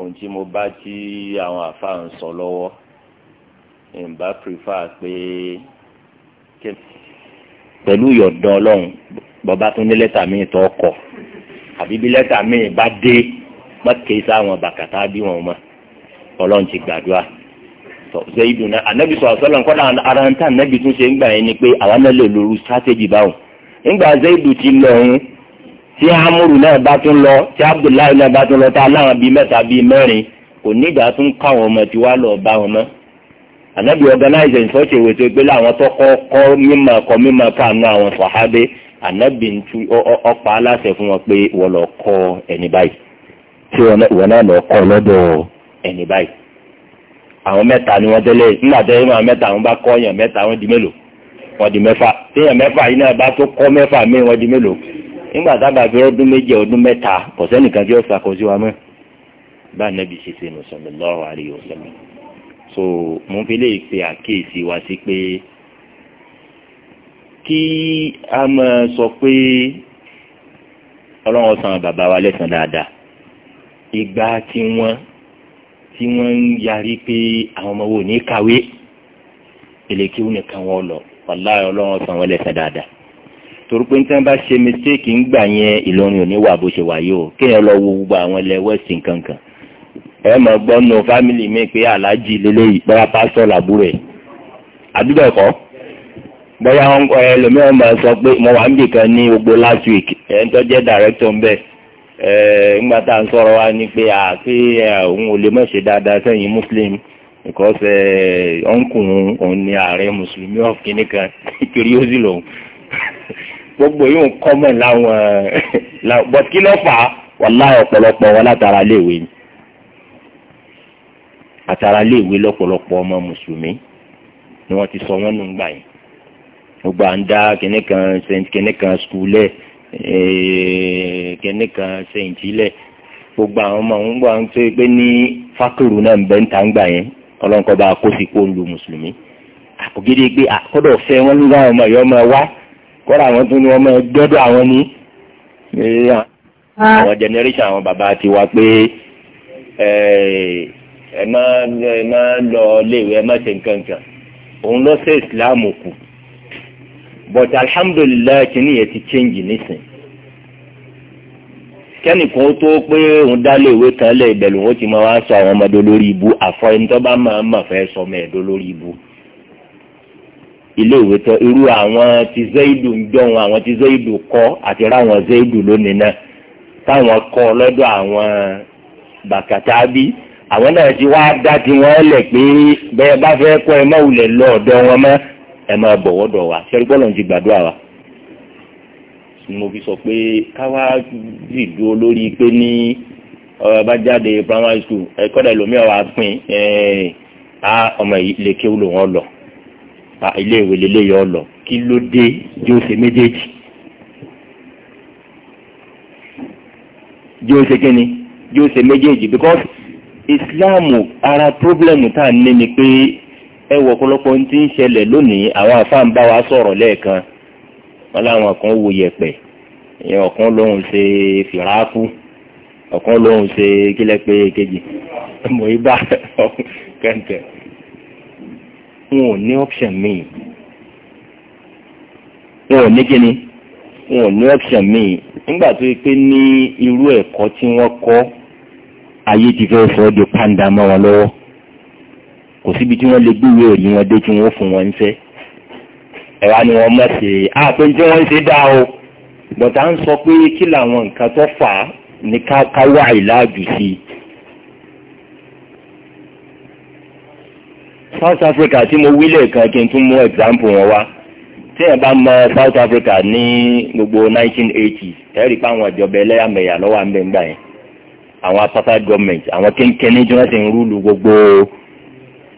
ohun tí mo bá tí àwọn àfa ń sọ lọ́wọ́ ìbá pèfà pé pẹ̀lú yọ̀dọ̀ ọlọ́run bọ́ba tún ní lẹ́tà míì tó kọ̀ àbí bí lẹ́tà míì bá dé mọ́kè sáwọn bàkàtà bí wọn mọ́ ọlọ́run ti gbàdúrà ṣe ìdùnnà ànábì sọ̀rọ̀ sọ́lọ̀ nǹkan náà ara ń tà ànábì tún ṣe ń gbà yẹn ni pé àwa náà lè lóru strategy báwọn nígbà zaidu ti lọ tí amúrù náà bá tún lọ tí abdullahi náà bá tún lọ tá aláwọn bíi mẹ́ta bíi mẹ́rin kò nígbà tún káwọn ọmọ tí wàá lọ bá wọn mọ́ ànábì organize ìfọ́ṣe ìwé tó gbé láwọn tó kọ́ kọ́ mímọ̀ kọ́ mímọ̀ káànú àwọn sọ̀hábé ànábì ọ̀pá aláṣẹ fún wọn pé wọ́n lọ kọ́ ẹni báyìí tí wọ́n náà lọ kọ́ lọ́dọ̀ ẹni báyìí àwọn mẹ́ta ni wọ́n tẹ́lẹ̀ nígbà tẹ́lẹ̀ máa mẹ́ta àwọn bá kọ́ yàn mẹ́ta wọ́n di mélòó wọ́n di mẹ́fà téèyàn mẹ́fà yìí náà bá tó kọ́ mẹ́fà míì wọ́n di mélòó nígbà tábà fi ọdún méje ọdún mẹ́ta kò sẹ́nìkan tí ó ṣàkóso wa mọ́ bá nẹ́bí ṣe ṣe nù sọ̀rọ̀ lọ́rọ̀ àríyọ̀ sọ̀rọ̀ so mo fi lè pe àkíyèsí wa sí pé kí a máa sọ pé ọlọ́run san bàbá wa lẹ́sàn dáadáa ìgbà tí wọ́n tí wọ́n ń yarí pé àwọn ọmọ wo ní kàwé èlèkí wọn nìkan wọn lọ wàláyé ọlọ́run san wọn lẹ́sàn dáadáa torí pé nítorí bá ṣe mistake ń gbà yẹn ìlọrin òní wà bó ṣe wáyé o kéèyàn lọ wo gbogbo àwọn ilẹ̀ west nkankan ẹ mọ̀ gbọ́ nù fámìlì mi pé aláàjì lélẹ́yìí bọ́lá pásítọ̀ làbúrò ẹ̀ àdúgbò ẹ̀kọ́ bọ́lá ẹlòmíràn máa sọ pé mo wà níbì kan ní gbogbo last week ẹ̀ ń tọ́jẹ́ director ń bẹ̀ ẹ̀ ńgbà tá à ń sọ̀rọ̀ wa ni pé àti òun ò lè mọ̀ ṣe dáadáa sẹ́yìn muslim because ọ̀nkùnrin òun ni ààrẹ mùsùlùmí ọ̀kìnìkan gbogbo yóò ń kọ́mọ̀ láwọn but kí ló fà á wàlá ọ̀pọ̀lọpọ̀ wọn látara léèwé ni àtara léèwé lọ́pọ̀lọpọ̀ ọmọ mùsùlùmí ni wọ́n ti sọ wọ́n nù gbà yẹn gbogbo à ń dá kìnnìkan saint kìnnìkan skulẹ̀ eh, kìnnìkan saint ilẹ̀ gbogbo àwọn ọmọ àwọn gbà ń tó pé ní fákìrù náà ń bẹ ń ta ń gbà yẹn ọlọ́nkọ́ bá a kó sí kó ń lu mùsùlùmí ògidì pé àkọ́dọ̀ fẹ́ wọ́n ń gbà ọmọ ìyọ́ ọmọ wa kọ́ra àwọn tó ní ọmọ ẹgbẹ́dọ̀ àwọn ní ah. àwọn generation àwọn bàbá ti wá pé ẹ má ẹ má lọ léèwé ẹ má ṣe nǹkan kan òun lọ sí Islam kù but alhamdulilayi kìíní yẹn ti change nísìn kẹ́nìkan tó pé òun dá léèwé kan lẹ́ẹ̀bẹ̀ lòun ó ti máa wá sọ àwọn ọmọdé lórí ibú àfọ ẹni tó bá máa ń mọ̀ fẹ́ sọ ẹ̀dọ́ lórí ibú iléèwé tán irú àwọn ti zaidu ń jọ wọn àwọn ti zaidu kọ àti ráwọn zaidu lónìí náà táwọn kọ lọ́dọ̀ àwọn bàkàtàbí àwọn náà ti wá dá tiwọn lẹ̀ pé bẹ́ẹ̀ bá fẹ́ kọ́ ẹ má wulẹ̀ lọ ọ̀dọ̀ wọn mọ́ ẹ máa bọ̀wọ́ dọ̀ wá sẹ́rí bọ́lọ̀ ti gbàdúrà wa. mo fi sọ pé káwá dìdú olórí pé ní ọ̀rọ̀ bá jáde primary school ẹ̀kọ́ dẹ̀ lómi ọ̀rọ̀ àpín ọmọ yìí lè kéwù lòun ọ̀ lọ ilé ìwé lélẹ́ yọ lọ kí ló dé yóò ṣe méjèèjì yóò ṣe kíni yóò se méjèèjì because islam ara problem tá a ní ni pé ẹ wọ ọ̀pọ̀lọpọ̀ ti ń ṣẹlẹ̀ lónìí àwọn afáà ń bá wa sọ̀rọ̀ lẹ́ẹ̀kan wọn láwọn kan wo yẹ̀pẹ̀ ìyẹn ọ̀kan lòun ṣe fìràákù ọ̀kan lòun ṣe kílẹ̀ pé kejì mọ̀ ibà kẹ̀ǹtẹ̀ wọn ò ní option míì wọn ò ní kíni wọn ò ní option míì nígbà tó yẹ pé ní irú ẹ̀kọ́ tí wọ́n kọ́ ayé ti fẹ́ fọ́ di pàǹdà mọ́ wọn lọ́wọ́ kò síbi tí wọ́n lè gbúwé òní wọn dé tí wọ́n fún wọn ń fẹ́ ẹ̀wá ni wọ́n mọ̀ sí àpé tí wọ́n ń ṣe dá o bọ̀tà ń sọ pé kí làwọn nǹkan tó fà á ní ká wá ìlàjù sí i. South Africa tí mo wí lẹ́ẹ̀kan kí n tún mú example wọn wá tí ẹ bá mọ South Africa ní gbogbo 1980s ẹ rí i pé àwọn ìjọba ẹlẹ́yàmẹ̀yà lọ́wọ́ à yẹn àwọn apartheid government àwọn kínkínní tí wọ́n ti ń rúlu gbogbo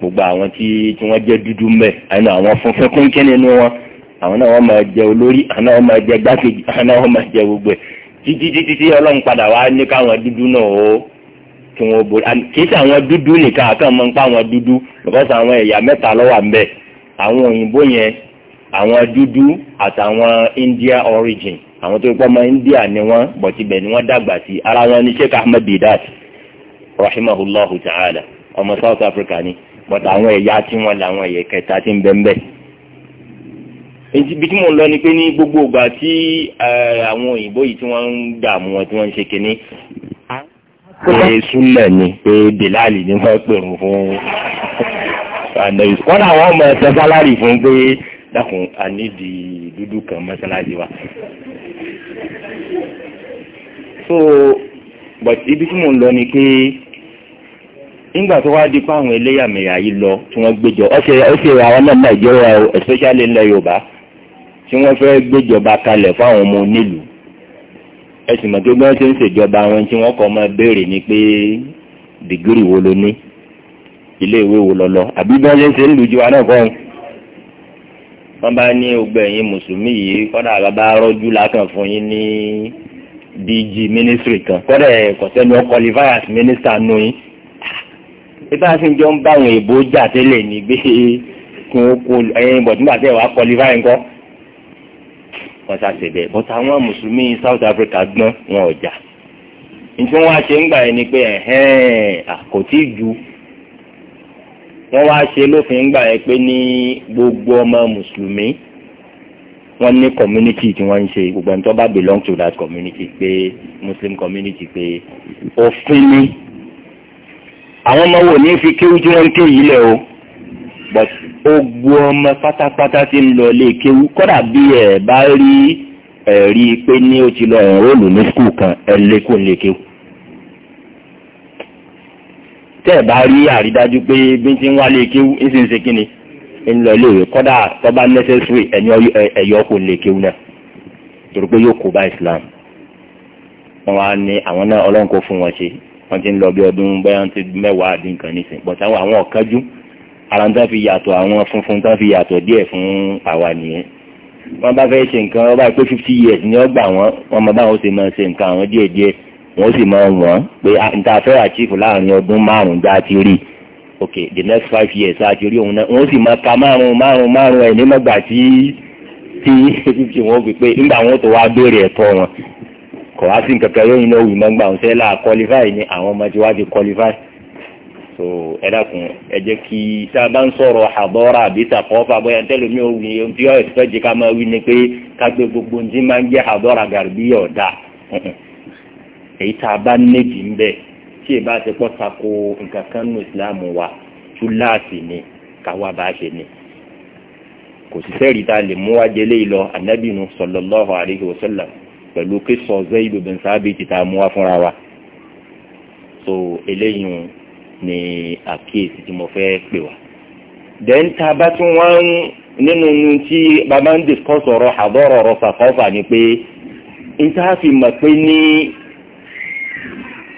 gbogbo àwọn tí tí wọ́n jẹ́ dúdú mẹ́ àyìnbó àwọn funfun kínkínní ni wọ́n àwọn náà wọ́n máa jẹ olórí àwọn náà wọ́n máa jẹ gbákejì àwọn náà wọ́n kí wọ́n borí kì í ṣe àwọn dúdú nìkan àkàn mọ́ ń pa àwọn dúdú because àwọn ẹ̀yà mẹ́ta ló wà àwọn òyìnbó yẹn àwọn dúdú àtàwọn India origin àwọn tó pọ́ ọmọ India ni wọ́n bọ̀tibẹ̀ ni wọ́n dàgbà sí ara wọn ni Sheikh Ahmed Bidat rahimahullahu ta'ala ọmọ South Africa ni but àwọn ẹ̀yà tí wọ́n làwọn ẹ̀yà kẹta ti ń bẹ́ńbẹ́ ibi tí mo lọ ni pé ní gbogbo ìgbà tí eh, àwọn òyìnbó yìí tí wọ́n ń dààmú wọn tí wọ́n ń ṣe kínní pé súnlẹ̀ ni pé bìláàlì ní wọ́n pèrún fún wọ́n làwọn ọmọ ẹ̀sẹ̀ sálárì fún pé dákun àníbi dúdú kan mọ́sálásí wa. so but ibi tí mò ń lọ ni pé nígbà tó wá di pé àwọn eléyàmẹ̀yà yìí lọ tí wọ́n gbéjọ ọ̀sẹ̀ ọ̀sẹ̀ àwọn náà nàìjíríà especially ilẹ̀ yorùbá tí wọ́n fẹ́ gbéjọba kalẹ̀ fáwọn ọmọ onílùú ẹsìn mọ̀ pé bí wọ́n ṣe ń ṣèjọba wọn tí wọ́n kọ́ máa béèrè ni pé dìgírì wo ló ní ilé ìwé wo lọ lọ àbí bí wọ́n ṣe ń ṣe ń lu ìjọba náà kọ́hún. wọ́n bá ní ogbẹ́ yín mùsùlùmí yìí kọ́dà bàbá rọ́jú lákàn fún yín ní dg ministry kan kọ́dà ẹ̀kọ́ sẹ́ni ọkọ̀ livayas minister nù yín. ìbá sì ń jọ ń bá àwọn èèbó jà tẹ́lẹ̀ ní gbé kún ó kún ẹ̀yìn bọ̀dúnbà wọ́n ṣàṣẹ bẹ́ẹ̀ but àwọn mùsùlùmí South Africa gbọ́n wọn ọjà nítí wọ́n wá ṣe ń gbà yẹn ni pé ẹ̀hẹ́n kò tí ì ju wọ́n wá ṣe lófin ń gbà yẹn pé ní gbogbo ọmọ mùsùlùmí wọ́n ní community tí wọ́n ń ṣe gbogbo ẹni tó bá belong to that community pé muslim community pé òfin ni àwọn ọmọ wo ní fi kéwú tí wọ́n ń ké yìí lẹ̀ o but ogbó ọmọ pátápátá ti ń lọ lè kéwú kọ́dà bí ẹ̀ bá rí ẹ̀rí pé ní ó ti lọ ẹ̀rọ́ọ̀lù ní skul kan ẹ̀ lékún lè kéwú. tẹ́ ẹ̀ bá rí àrídájú pé bí ti ń wá lè kéwú ń sì ń ṣe ń lọ lè wé kọ́dà tọ́ba necessary ẹ̀yọ́ kò lè kéwú náà torí pé yóò kó bá Islam wọn wá ní àwọn náà ọlọ́run kò fún wọn ṣe wọn ti ń lọ bí ọdún bẹ́ẹ̀ ti mẹ́wàá àdínkàn nísìnyí ara ń tán fi yàtọ̀ àwọn funfun tán fi yàtọ̀ díẹ̀ fún àwa nìyẹn wọ́n bá fẹ́ ṣe nǹkan wọ́n bá pé fifty years ni wọ́n gbà wọ́n wọ́n mọ báwọn ṣe máa ṣe nǹkan àwọn díẹ̀díẹ̀ wọ́n sì máa wọ́n pé níta fẹ́ àchífù láàrin ọdún márùn-ún já ti rí ok the next five years a ti rí òun náà wọ́n sì máa ka márùn-ún márùn-ún márùn-ún ẹ̀ nígbàgbà tí tí fifty wọ́n fi pé nígbà wọn tó wá béèrè ẹ̀tọ́ wọn kọ̀ wá sí nǹkan kan yóò yín náà wì mọ́gbà wọn sẹ́lá qualify so ẹ dákun ẹ jẹ́ kí tá a bá ń sọ̀rọ̀ àbọ̀rọ̀ àbí tàkọ́fà bóyá tẹ́lómi ò wí ohun tí ọ̀rẹ́ fẹ́ jẹ́ ká máa wí ni pé ká gbé gbogbo ohun tí máa ń jẹ́ àbọ̀rọ̀ àgàrùbí ọ̀dà èyí tá a bá níbi ń bẹ̀ tí ì bá ti pọ́ tako nǹkan kan nù ìsìláàmù wa túláàsì ni káwa bá ṣe ni kò sì sẹ́rìí tá lè mú wájẹ lé lọ anábìnú sọlọ́lọ́hùn àríhì òṣèlú pẹ̀lú kí sọ zẹ́yìn lóbìnrin sábì ti ta mú wá fúnra wa so eléyìí ní àkíyèsí tí mo fẹ́ pè wá. then tá a bá tún wá ń nínú tí bàbá ń discuss ọ̀rọ̀ àbọ̀rọ̀ ọ̀rọ̀ fàkọ́fà ni pé n tá a fi mọ̀ pé ní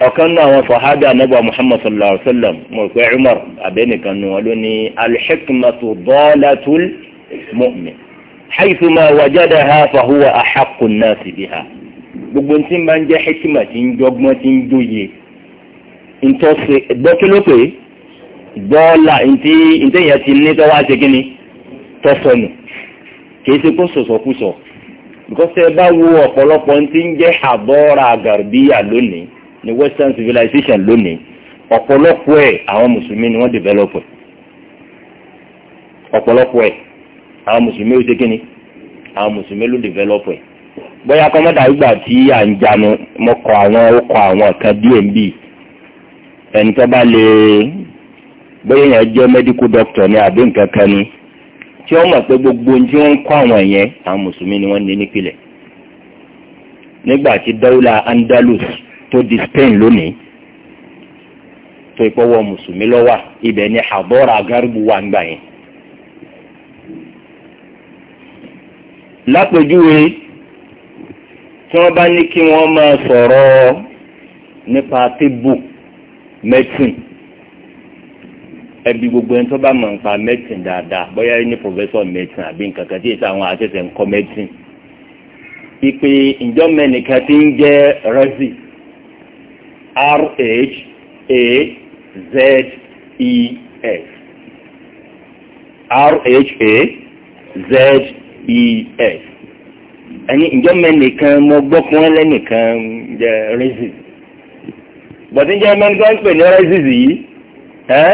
ọ̀kan náà àwọn fàhádà anábọ̀ muhammad sallallahu alayhi wa sallam mo rò pé umar abẹ́nìkan nu wọn ló ní alhikmatu dọ́ọ́latul mu'min haifu ma wajada ha fahuwa ahakun náà sì bí ha gbogbo tí n bá ń jẹ́ hikima ń jọgbọ́n tí ń jóye ntọ́sí gbọ́kílópè dọ́là ntí ntẹ́yìn ti ní tọ́wọ́ àti kínní tọ́sọ̀nù kìí ṣe kó sọ̀sọ̀kúsọ̀ because ẹ bá wo ọ̀pọ̀lọpọ̀ ntí ń jẹ́ àbọ́ra gàrbíyà lónìí ní western civilization lónìí ọ̀pọ̀lọpọ̀ ẹ̀ àwọn mùsùlùmí ni wọ́n develop ẹ̀ ọ̀pọ̀lọpọ̀ ẹ̀ àwọn mùsùlùmí ó ṣe kínní àwọn mùsùlùmí ló develop ẹ̀ bóyá kọ́mọ́dà ìgbà tí à ń janu mọ́kọ àwọn ó kọ àwọn kan díẹ̀ ń bíi ẹni tó bá lè bóyá yẹn jẹ́ medical doctor ni àbí nǹkan kan ni tí wọ́n mọ̀ pé gbogbo ohun tí wọ́n ń kọ́ àwọn yẹn àwọn mùsùlùmí ni wọ́n ní nípìnlẹ̀ nígbà tí dawla andalus tó di spain lónìí tó ìpọ́wọ́ mùsùlùmí lọ́wọ́ ibẹ̀ ni àbọ̀rà gárùbù wà ń gbà yẹn. lápèjúwe tí wọ́n bá ní kí wọ́n máa sọ̀rọ̀ nípa tébù medicine ẹbí gbogbo ẹni tó bá mọ̀ nípa medicine dáadáa bóyá ní professor medicine àbí nǹkan kan tí èsì àwọn àtẹ̀tẹ̀ ń kọ́ medicine ìpè ìjọ mẹ́nìkan ti ń jẹ́ rẹ́sì r h a z e s r h a z e s ẹni ìjọ mẹ́nìkan mo gbọ́ fún ẹlẹ́nìkan jẹ́ rẹ́sì bọ̀tíjẹ́ mẹ́ńgá ń pè ní rẹ́sìsì yìí ẹ́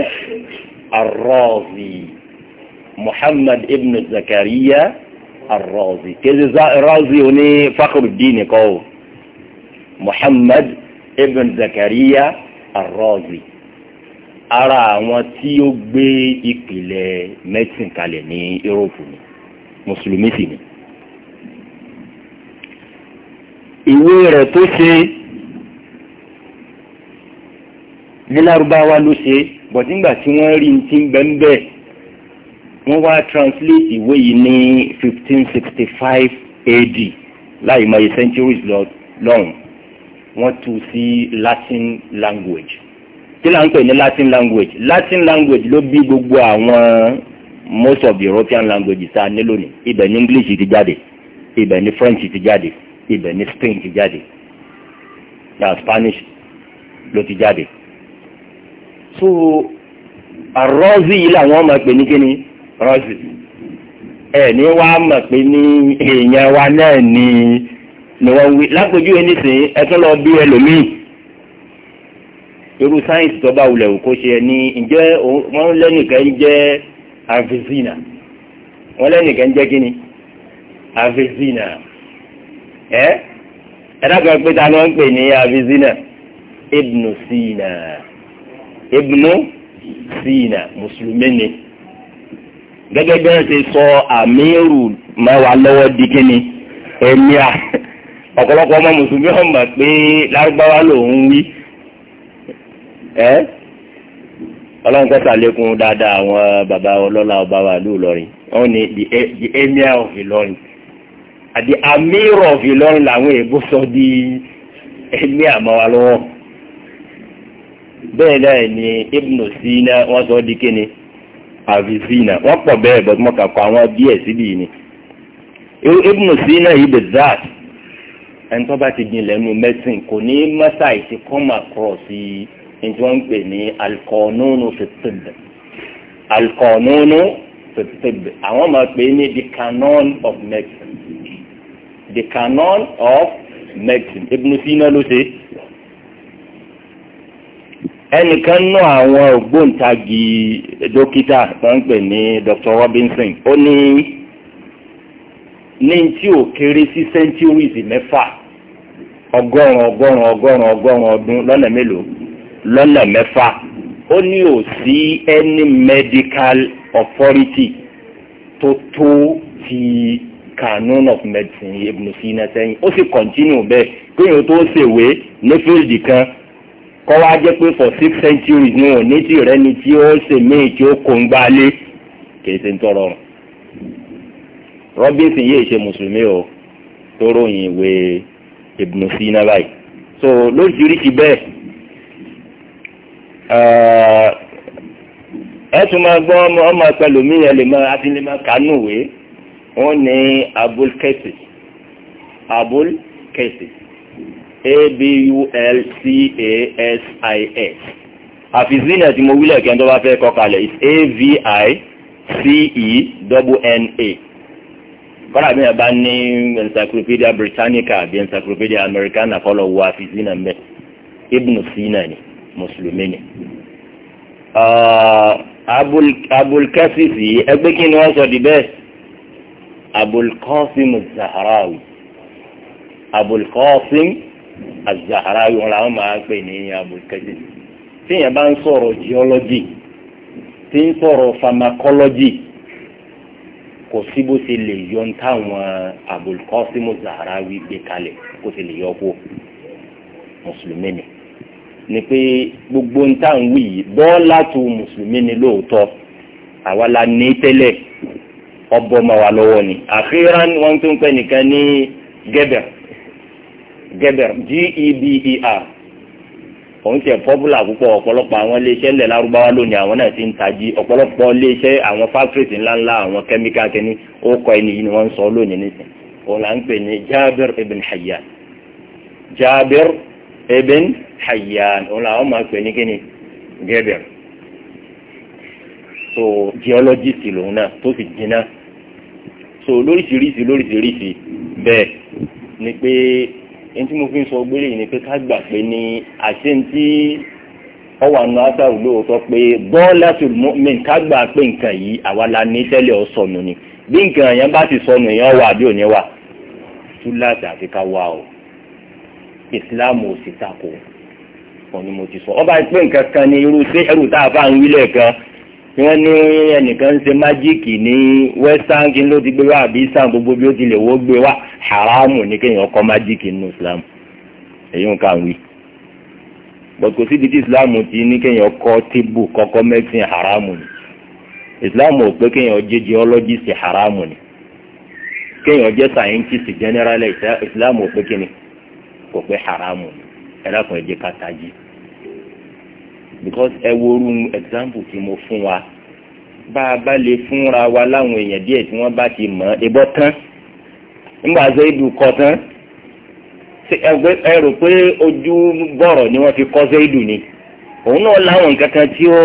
arọ́ọ̀zì muhammad ibn zakariya arọ́ọ̀zì kéde rọ́ọ̀zì oní fakhruddin e kọ́ o muhammad ibn zakariya arọ́ọ̀zì ara àwọn tí ó gbé ìpìlẹ̀ mẹ́tìn kalẹ̀ ní yúróòpù ni mùsùlùmí sì ni ìwé rẹ̀ tó ṣe. ní lárúbáwá ló ṣe bọ̀ nígbà tí wọ́n rí ti ń bẹ́ńbẹ́ wọ́n wá translate ìwé yìí ní fifteen sixty five AD láì mọ̀ iye centuries lọ́hùn wọ́n tú sí Latin language tí là ń pè ní Latin language Latin language ló bí gbogbo àwọn most of the European languages tá a ní lónìí ibẹ̀ ní English ti jáde ibẹ̀ ní French ti jáde ibẹ̀ ní Spain ti jáde na Spanish ló ti jáde so àrọ́ọ̀zì yìí làwọn ọmọ pè ní kíni rọ́ọ̀zì ní wá mọ̀ pé ní èèyàn wa náà ni ni wọ́n wí lápèjú ẹni sìn ẹtún lọ bí ẹlòmíì irú sáyẹ̀nsì tó bá wulẹ̀ kó ṣe ní ǹjẹ́ wọ́n lẹ́nìkan jẹ́ avizina wọ́n lẹ́nìkan jẹ́ kíni avizina ẹ́ ẹ̀dá kan pé ta ni wọ́n ń pè ní avizina ibnu sina. Eh? ibnu sina mùsùlùmí ni gẹ́gẹ́ bí wọ́n ti sọ àmírù mẹ́wàá lọ́wọ́ di kíni ẹ̀míà ọ̀pọ̀lọpọ̀ ọmọ mùsùlùmí ọmọ pé lárúbáwá lòún wí ẹ́ ọlọ́run kọ́ sàlékún dáadáa àwọn bàbá ọlọ́lá ọba wa lù lọ́rin wọ́n ní e, the emir of Ìlọrin àti amir of Ìlọrin làwọn èèbó sọ di ẹ̀míà mọ́ wa bẹ́ẹ̀ náà ni ibnu sina wọ́n sọ di kíni avicina wọ́n pọ̀ bẹ́ẹ̀ bọ́tí wọ́n kà kọ́ àwọn díẹ̀ síbi ni ibnu sina yìí bẹ̀ zaat ẹni tó bá ti gbin lẹ́nu mẹ́sìn kò ní mọ́sá ìti come across yìí ní tí wọ́n ń pè ní alikọ̀ọ́nùnù fìtìbẹ̀ alikọ̀ọ́nùnù fìtìbẹ̀ àwọn máa pè ní the canon of medicine the canon of medicine ibnu sina ló ṣe é ẹnìkan nú àwọn ògbóǹtagì dókítà tó ń pè ní dr robinson ó ní ní tí ò kéré sí centuries mẹ́fà ọgọ́rùn ọgọ́rùn ọgọ́rùn ọgọ́rùn ọdún lọ́nà mélòó lọ́nà mẹ́fà ó ní ò sí any medical authority tó tó ti canon of medicine ibùsùn iná sẹ́yìn ó sì continue bẹ́ẹ̀ kéèyàn tó ṣèwé ní fíìlì kan kọ́ wá jẹ́ pé for six centuries ni òní tí rẹ ni tí ó ṣe míì tí ó kó ń gbá kì í ṣe ń tọrọ rùn robinson yìí ṣe mùsùlùmí o tó ròyìn ìwé ibùdó sí iná báyìí so lóríṣiríṣi bẹ́ẹ̀ ẹ tún máa gbọ́ ọmọ ọmọ pẹ̀lúmí yẹn lè máa àti lè máa kánú wé wọ́n ní abul kẹ́sì abul kẹ́sì a-b-u-l-c-a-s-i-s àfi zina tí mo wílẹ̀ kẹ́ bá fẹ́ kọ́ is a-v-i-c-e-n-n-a kọ́ra mi yẹn bá ní encyclopedia britannica àbí encyclopedia americana kọ́lọ̀ wo àfi zina mẹ́ ibn sina ni mùsùlùmí ni. Uh, abulkasis yìí ẹgbẹ́ kí ni wọ́n sọ di bẹ́ẹ̀ abulkasim zahrawi abulkasim azahara yòó la wọn máa pè ní abulkadir tíyẹn bá ń sọ̀rọ̀ geology tí ń sọ̀rọ̀ pharmacology kò sí bó ṣe lè yọ táwọn abulkosimu zahara wí gbé kalẹ̀ kó ṣe lè yọ kó mùsùlùmí ni ni pé gbogbo ń tàn wí bọ́ọ̀lá tu mùsùlùmí ni lóòótọ́ àwa la ní tẹ́lẹ̀ ọbọ̀ ma wà lọ́wọ́ ni àfihàn wọn tún pẹ́ nìkan ní gẹ́bẹ̀rẹ̀ gẹ́bẹ̀r g-e-b-e-r e e òun tiẹ̀ pọ́pùlà púpọ̀ ọ̀pọ̀lọpọ̀ àwọn iléeṣẹ́ ńlẹ̀ lárúbáwá lónìí àwọn náà ti ń tají ọ̀pọ̀lọpọ̀ iléeṣẹ́ àwọn fáfírìtì ńláńlá àwọn kẹ́míkà kẹ́ni ó kọ ẹni yìí ni wọ́n ń sọ lónìí nísìn òun là ń pè ní jabir ibn hayyan jabir ibn hayyan òun làwọn máa pè ní kíni gẹ́bẹ̀r so geologist lòun náà tó sì jiná so lóríṣiríṣi lóríṣiríṣi bẹ́ẹ̀ ni pé ntí mo fi ń sọ gbélé yìí ni pé ká gbà pé ní àṣentí ọwọ́ àna átàrú lóòótọ́ pé bọ́ọ̀lá tó mọ́mí ká gbà pé nǹkan yìí àwa la ní tẹ́lẹ̀ ọ sọnù ni bí nǹkan yẹn bá ti sọnù yẹn wà bí ò ní wà túláàsì àfi ká wà o ìsìláàmù ò sì takò ọ̀ ni mo ti sọ ọba pé nǹkan kan ní irú sí ẹrù tá a bá ń wí lẹ́ẹ̀kan tí wọ́n ní ẹnìkan ń ṣe májíìkì ní western kí ló ti gbé wá àbí sàn gbogbo bí ó ti lè wó gbé wá haramu ní kéèyàn kọ́ májíìkì nínú islam èyí ń kàn wí bọ́t kò síbi tí islam ti ní kéèyàn kọ́ tébù kọ́kọ́ mẹ́sìn haramu ni islam ò pé kéèyàn jẹ́ geologist haramu ni kéèyàn jẹ́ scientist general islam ò pé kíni kò pé haramu ni ẹ̀dá kan jẹ́ kátájì because ẹ wo orú example tí mo fún wa bá a bá lè fúnra wa láwọn èèyàn díẹ̀ tí wọ́n bá ti mọ̀ ebọ́ tán nígbà tó ibù kọ tán ẹ rò pé ojú bọ̀rọ̀ ni wọ́n fi kọ́ sẹ́yìdù ni òun náà láwọn nǹkan kan tí ó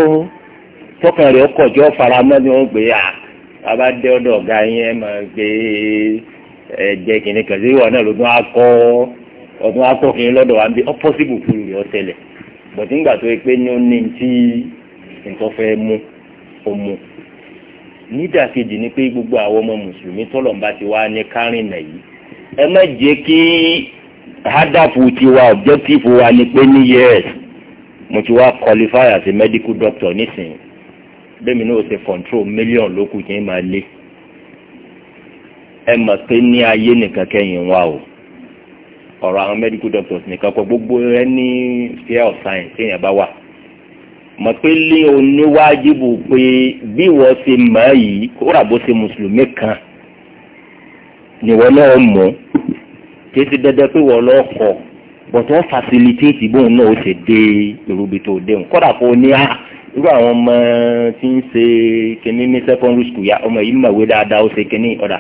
tọkàn rẹ̀ ọkọ̀ tí ó fara mọ́ ni wọ́n gbé à bàbá dé ọ̀dọ̀ ọ̀gá yín ẹ máa gbé ẹ jẹ́ kìnnìkan sí ìwọ náà lọ́dún akọ ọdún akọ kìnnìkan lọ́dọ̀ wa ń bí ọ́ pọ́sibù fún ìrìn ọ̀sẹ̀lẹ̀ bọ̀tí ńgbà tó yẹ pé ní ó ní tí nǹkan fẹ́ mú ó mú nídàkejì ni pé gbogbo àwọn ọmọ mùsùlùmí tọ́lọ̀mbá ti wá ní kárìnà yìí ẹ má jẹ́ kí hádàfù tiwa ọ̀bjẹ́tìfù wa ni pé ní yẹ́s mo ti wá qualify as a medical doctor nísìnyí bẹ́ẹ̀ mi náà ṣe control million lókù kí n máa lé ẹ mọ̀ pé ní ayé nìkan kẹ́yìn wá o ọ̀rọ̀ àwọn medical doctors nìkan kọ gbogbo rẹ ní fear of science téèyàn bá wà mọ̀ pé lé oníwájibù pé bí wọ́n ṣe mọ̀ ẹ́ yìí kóra bó ṣe mùsùlùmí kan nìwọ náà mọ̀ kí ṣe dandan pé wọ́n lọ́ọ́ kọ̀ bọ̀tọ̀ facilitate bóun náà ó ṣe dé irúbi tó déhùn kódà kó ní á ah, irú àwọn ọmọ tí ń ṣe kínní ní secondary school ya ọmọ yìí mọ̀wé dáadáa ó ṣe kínní ọ̀dà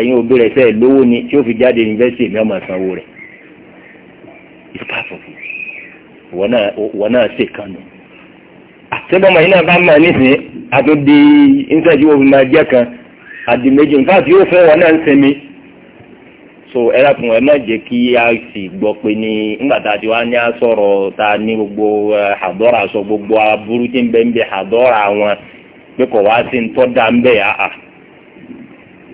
ẹ̀yin òbí rẹ̀ sẹ́ẹ̀ lówó ni tí ó fi jáde yunifásitì èmi ọmọ ìsanwó rẹ̀ wọ́n náà ṣe kan nù. àtẹ́bọ̀mọ̀ yìí náà bá mọ̀ nísìnyí di ìṣẹ́jú òfin máa jẹ́ kan àdì méjì nǹkan àti yóò fẹ́ wọn náà ń sinmi. so ẹ lákun ẹ má jẹ́ kí a sì gbọ́ pé ní nígbà a ti wá ní ta sọ gbogbo aburú tí ń ń bẹ àdọ́rà wọn pé kò da ń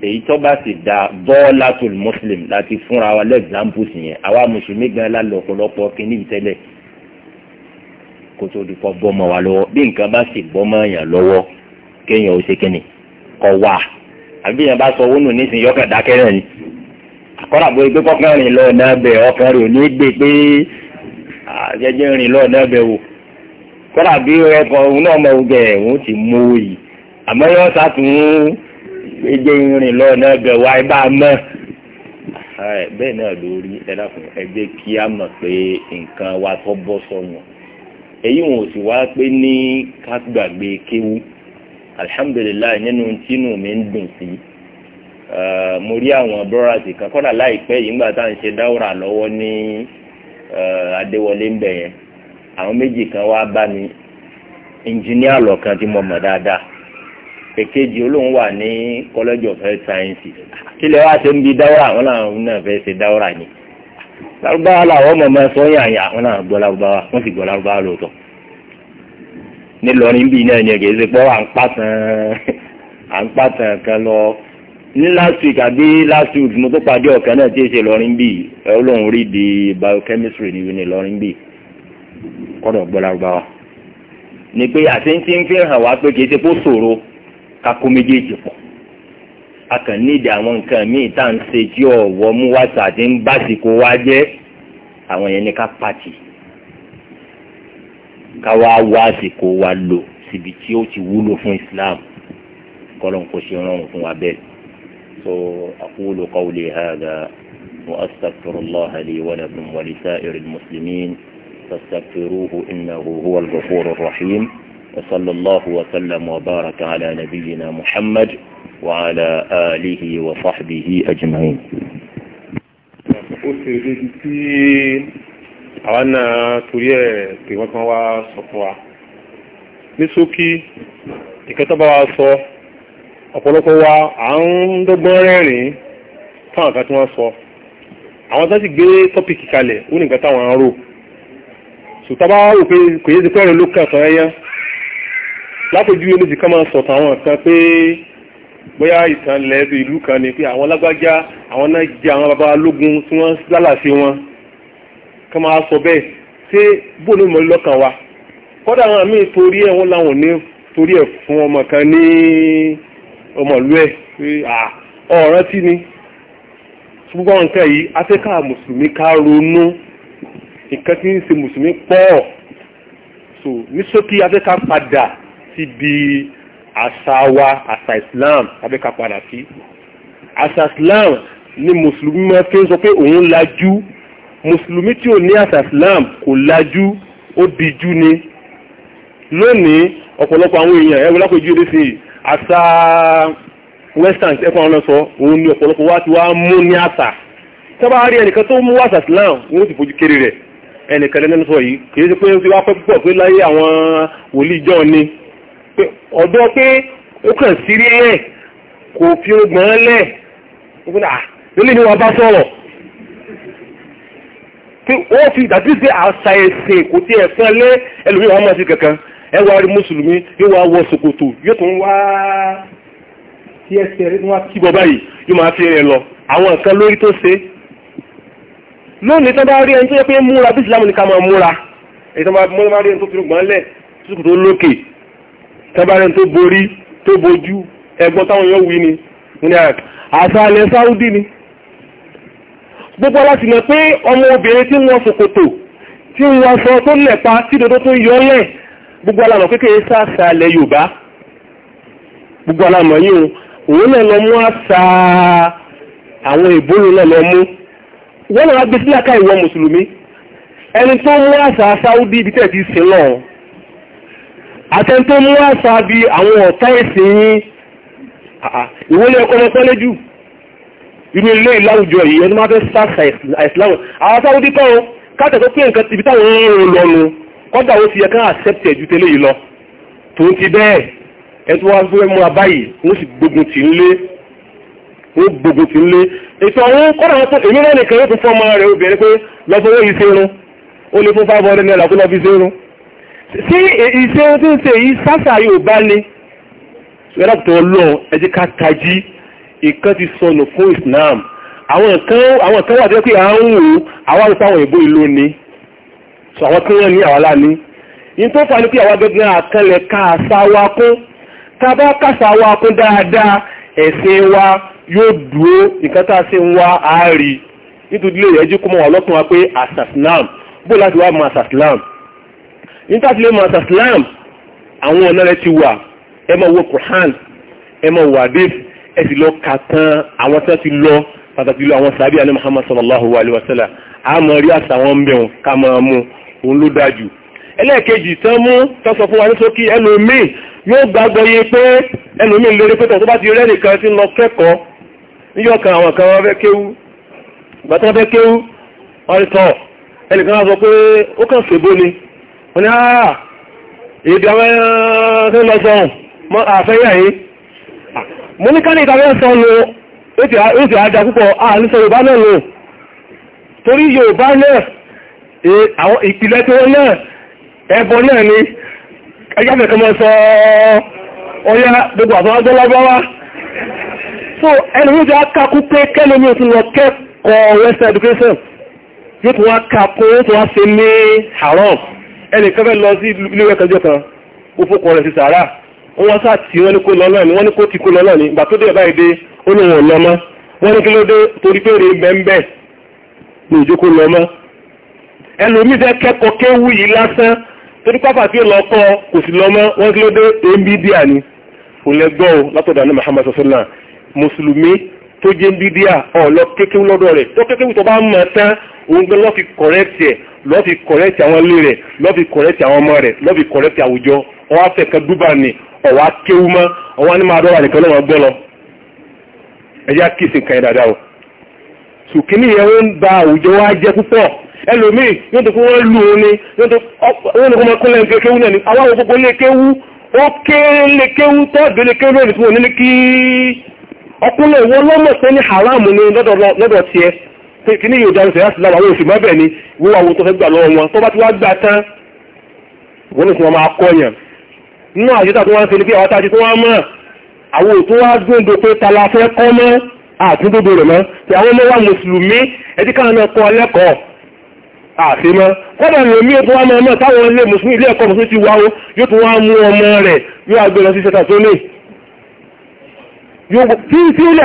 èyí tó bá sì da bọ́ọ̀lá tó muslim láti fúnra wa lẹ́gbàmpùs yẹn àwa mùsùlùmí gan lálẹ́ ọ̀pọ̀lọpọ̀ kíní ìtẹ́lẹ̀ kó tó di kọ́ bọ́mọ wa lọ́wọ́ bí nǹkan bá sì bọ́mọ yàn lọ́wọ́ kéèyàn ó ṣe kíni kọ́ wà àbí yẹn bá sọ wónú nísìnyí ọkàn dákẹ́ rẹ̀ ni àkọ́lá bó gbé kọ́kàn rìn lọ náà bẹ̀ ọkàn rẹ̀ ò ní gbé pé àjẹjẹ́ rìn lọ náà bẹ̀ wò kọ́lá bí ẹ̀kọ́ òun náà mọ̀ òun gẹ̀ òun ti mú òyì àmọ́ yọ sá tún ẹjẹ́ irin lọ náà gẹ̀ wá ibà mọ́ bẹ́ẹ̀ náà lórí ẹ̀dàkùn ẹjẹ́ kí a mọ̀ pé nǹkan wa tó bọ́ sọnù èyí wọn ò sì wá pé ní ká gbàgbé kéwú alihamudulilayi nínú tinu mi ń dùn sí mo rí àwọn bọ́rọ̀sì kan kọ́dà láìpẹ́ yìí nígbà tá à ń ṣe dáwọ́rà lọ́wọ́ ní adéwọlé ń bẹ̀ yẹn àwọn méjì kan wá bá mi ẹnjìníà lọ̀kan tí mo mọ̀ dáadáa èkejì olóhùn wà ní college of health sciences kí lè wá ń bí dáwọ́rà àwọn làwọn náà fẹ́ ṣe dáwọ́rà ni lárúbáwá làwọn ọmọ ọmọ sọ yàn yàn àwọn náà gbọ́ lárúbáwá wọ́n sì gbọ́ lárúbáwá lóòótọ́ nílọrin bíi náà ṣe pọ́ lọ ní last week àbí last week mo tó pàdé ọ̀kan náà tí ì ṣe lọrin ni ní lọrin bíi kọ́dọ̀ gbọ́ lárúbáwá ni pé àti ń kakó méjèèjì pọ̀ a kàn nídìí àwọn nǹkan míì tá à ń ṣe tí ọ̀wọ́ mú wá sàdé ń básìkò wá jẹ́ àwọn yẹn ní ká pàtì ká wá wá àsìkò wa lò síbi tí ó ti wúlò fún Islam kọ́lọ́n kò ṣe rọrùn fún wa bẹ́ẹ̀ so aqulu qawli hadha wa astaghfirullaha li wa lakum wa li sa'iril muslimin fastaghfiruhu innahu huwal وصلى الله وسلم وبارك على نبينا محمد وعلى آله وصحبه أجمعين àwọn náà ẹ̀ pé wọ́n kan wá sọ fún wa ní ṣókí ìkẹtọ́bá wa sọ ọ̀pọ̀lọpọ̀ wa à ń dọ́gbọ́n rẹ́rìn fún àkà tí wọ́n sọ àwọn tó ti gbé tọ́pìkì kalẹ̀ ó nìkan táwọn arò ṣùtábá rò pé kò yé ti pẹ́rẹ̀ ló lápèjúwe méjì kan máa sọ̀tàn àwọn kan pé bóyá ìtàn lẹ́ẹ̀bí ìlú kan ni pé àwọn lágbájá àwọn náà jẹ àwọn baba lógun tí wọ́n lálàsí wọn kan máa sọ bẹ́ẹ̀ ṣé bó ni mo lọ́kàn wa kọ́dà àwọn míì torí ẹ̀ wọ́n làwọn ní torí ẹ̀ fún ọmọ kan ní ọmọlú ẹ̀ pé ọ̀ràn tí ni gbogbo àwọn nǹkan yìí afẹ́ká mùsùlùmí ká ronú nǹkan tí ń ṣe mùsùlùmí pọ̀ so ní ṣókí afẹ́ká padà síbi àṣà wa àṣà Islam tàbí ká padà sí àṣà Islam ni mùsùlùmí máa fi ń sọ pé òun lajú mùsùlùmí tí ò ní àṣà Islam kò lajú ó dijú ni lónìí ọ̀pọ̀lọpọ̀ àwọn èèyàn ẹ̀rọ lápẹjú èdè sí àṣà western ẹ̀kọ́ àwọn ọ̀sọ́ òun ni ọ̀pọ̀lọpọ̀ wá ti wá mú ní àṣà tọ́bá rí ẹnìkan tó mú àṣà Islam wọ́n ti fojú kéré rẹ̀ ẹnìkan lẹ́nu sọ yìí kìí ṣe pé ó ti wá pẹ́ púpọ̀ pé láyé àwọn wòlíì jọ́ ni ọ̀dọ́ pé ó kàn sírí ẹ̀ kò fi ogbọ̀n lẹ̀ nílé ah, ni wọ́n bá sọ̀rọ̀ pé ó fi dàbí sí àṣà ẹ̀sìn kò tí ẹ̀ fẹ́ lé ẹlòmí wọn máa sí kankan ẹ wá rí mùsùlùmí yóò wá wọ ṣòkòtò yóò tún wá tí ẹsẹ̀ rẹ̀ wá kí bọ́bá yìí yóò máa fi rìn lọ àwọn nǹkan lórí tó ṣe lónìí tó bá rí ẹni tó yẹ pé múra bí ìsìlámù ní ká máa múra èyí tó bá rí ẹni tó fi rògbọ́n lẹ̀ tó ṣòkòtò lókè tẹ́bárẹ́ tó borí tó bojú ẹgbọ́n táwọn yóò wí ni ní àṣàlẹ̀ Saudi ni gbogbo láti mọ̀ pé ọmọ obìnrin tí wọ́n ṣòkòtò tí wọ́n sọ tó lẹ̀pa tí dodo tó yọ lẹ̀ gbogbo alamọ̀ kékeré sáàsàlẹ̀ Yorùbá gbogbo alamọ̀ yìí òun náà lọ mú àṣà àwọn ìbóyè náà lọ mú wọ́n náà wá gbé sílẹ̀ ká ìwọ mùsùlùmí ẹni tó mú àṣà Saudi ibi tẹ̀ ti sin náà àtẹ́ntó mú àṣà bí àwọn ọ̀tá ìsìn yín ìwọlé ẹ̀kọ́ ọmọ pẹ́lẹ́jù inú ilé ìláwùjọ yìí ẹni máa fẹ́ sáàsà ìsìláwù àwọn sáwọ́dí kọ́rọ̀ káàtẹ̀ tó pé nǹkan ti bí táwọn ń lọ nu kọ́dà ó ti yẹ káà accept ẹ̀jú tẹ́lẹ̀ yìí lọ tó ti bẹ́ẹ̀ ẹ tó wá fẹ́ múra báyìí wọ́n sì gbógun tì ń lé wọ́n gbógun tì ń lé ètò àwọn kọ́dà wọn tó èmi náà nìkan yóò tún fọ́ ọmọ rẹ̀ obìnrin pé lọ́sọ̀rọ̀ yìí ṣerun ó lè fún five hundred naira kó lọ́ fi ṣerun sí ìṣe tí ń ṣe yìí sáṣà yóò bá ní ẹlọ́pùtọ̀ ọlọ́run ẹ jẹ́ ká tají ìkan ti sọnù fún Islam àwọn nǹkan wà tó pé à ń wò àwọn àrùn táwọn ìbò ìlú ni sọ àwọn tí wọ́n ní àwọn aláni yìí tó fà ní pé àwọn agbẹ́gbẹ́ àkànlẹ̀ káàsá wa kún ká bá káàsá wa kún dáadáa ẹ̀sìn wa yóò dúró nǹkan tá a ṣe ń wá àárí nítorí ilé ìyẹ́jú kó mọ́ wà lọ́kùnrin wa pé asaslam bó láti wá mọ asaslam nítàtílẹ̀ mọ̀tà Islam àwọn ọ̀nà rẹ̀ ti wà ẹ máa wo Quran ẹ máa wo hadith ẹ sì lọ kà tán àwọn tí wọ́n ti lọ pàtàkì lọ àwọn sàbí àní Muhammad sallallahu alayhi wa sallam a máa rí àṣà wọn bẹ̀rùn ká máa mú òun ló dájú ẹlẹ́ẹ̀kejì tán mú tọ́sọ fún wa ní sókí ẹlòmíì yóò gbàgbọ́ yé pé ẹlòmíì lórí pẹ́tọ̀ tó bá ti rẹ́ nìkan tí ń lọ kẹ́kọ̀ọ́ níyọ̀ kan àwọn kan wọ́n fẹ́ kéwú gbàtọ́ fẹ́ kéwú ọ̀rẹ́tọ̀ ẹnìkan wá sọ pé ó kàn ṣègbó ni wọ́n ni ah, àwọn eh, mo torí Yorùbá náà àwọn ìpìlẹ̀ tó wọ́n náà ẹbọ náà ni eji mọ́ sọ ọya gbogbo àwọn so ẹni wọ́n ti akákú pé kẹ́lómi ò tún lọ kẹ́kọ̀ọ́ western education yóò tún wá kakó tó wá ṣe ní ẹnìkan fẹ́ lọ sí ilé ìwé kẹjọ kan ó fọkọ rẹ̀ sí sàárà wọ́n sá tí wọ́n ní kó lọ lọ́ọ̀ni wọ́n ní kó ti kó lọ lọ́ọ̀ni ìgbà tó dé báyìí dé ó lóun ò lọ mọ́ wọ́n ní kí ló dé torí pé rèé bẹ́ńbẹ́ ní ìjókòó lọ mọ́ ẹlòmíì fẹ́ kẹ́kọ̀ọ́ kéwú yìí lásán torí pápá tí ó lọ kọ́ kò sí lọ mọ́ wọ́n kí ló dé èébí díà ni kò lẹ́gbọ́ o látọ̀dọ̀ àná Muhammad sọ́sọ́nà mùsùlùmí tó jẹ́ bídíà ọ̀lọ́ kékeré lọ́dọ̀ rẹ̀ tó kékeré tó bá mọ̀ tán òun gan lọ́ fi kọ̀rẹ́tì ẹ̀ lọ́ọ́ fi kọ̀rẹ́tì àwọn ilé rẹ̀ lọ́ọ́ fi kọ̀rẹ́tì àwọn ọmọ rẹ̀ lọ́ọ́ fi kọ̀rẹ́tì àwùjọ ọwọ́ afẹ́kẹ́ dúbà ni ọwọ́ akéwu mọ́ ọwọ́ ni máa dọ́wà nìkan lọ́wọ́ gbọ́ lọ ẹ̀yà kìsì kan yẹn dáadáa o sùkínì yẹn ń ba àwùjọ wa jẹ́ púpọ̀ ẹlòmíì yóò tó fún wọn lù ú ni yóò tó wọn ní kó máa kúnlẹ̀ nǹkan kéwú náà ni àwọn àwọn gbogbo lékéwú ó kéré lékéwú tọ́ọ̀dé lékéwú lónìí fún òní ní kí ọkùnrin ìwọ lọ́mọ̀ pé ní haram ni lọ́dọ̀ tiẹ̀ pé kí ní yóò darúfẹ láti láwọn àwọn oṣù mọbẹ ni wíwá owó tó fẹ́ gbà lọ́wọ́ wọn tó bá ti wá gbà tán wọn ní kí wọn máa kọ yàn nínú àjọta tó wá ń ṣe ni pé àwọn tá a ti tó wá mọ̀ àwọn òtún wá gbóǹdo pé ta la fẹ́ kọ́ mọ́ àtúndódo rẹ̀ mọ́ tí àwọn ọmọ wa mùsùlùmí ẹtí káwọn náà kọ́ ẹlẹ́kọ̀ọ́ àfimọ́ kọ́dà ní omi ètò wa máa táwọn ilé mùsùlùmí ilé ẹ̀kọ́ mùsùlùmí ti wá o yóò tún wá mú ọmọ rẹ̀ yóò agbèrè sí sẹ́tà tó ní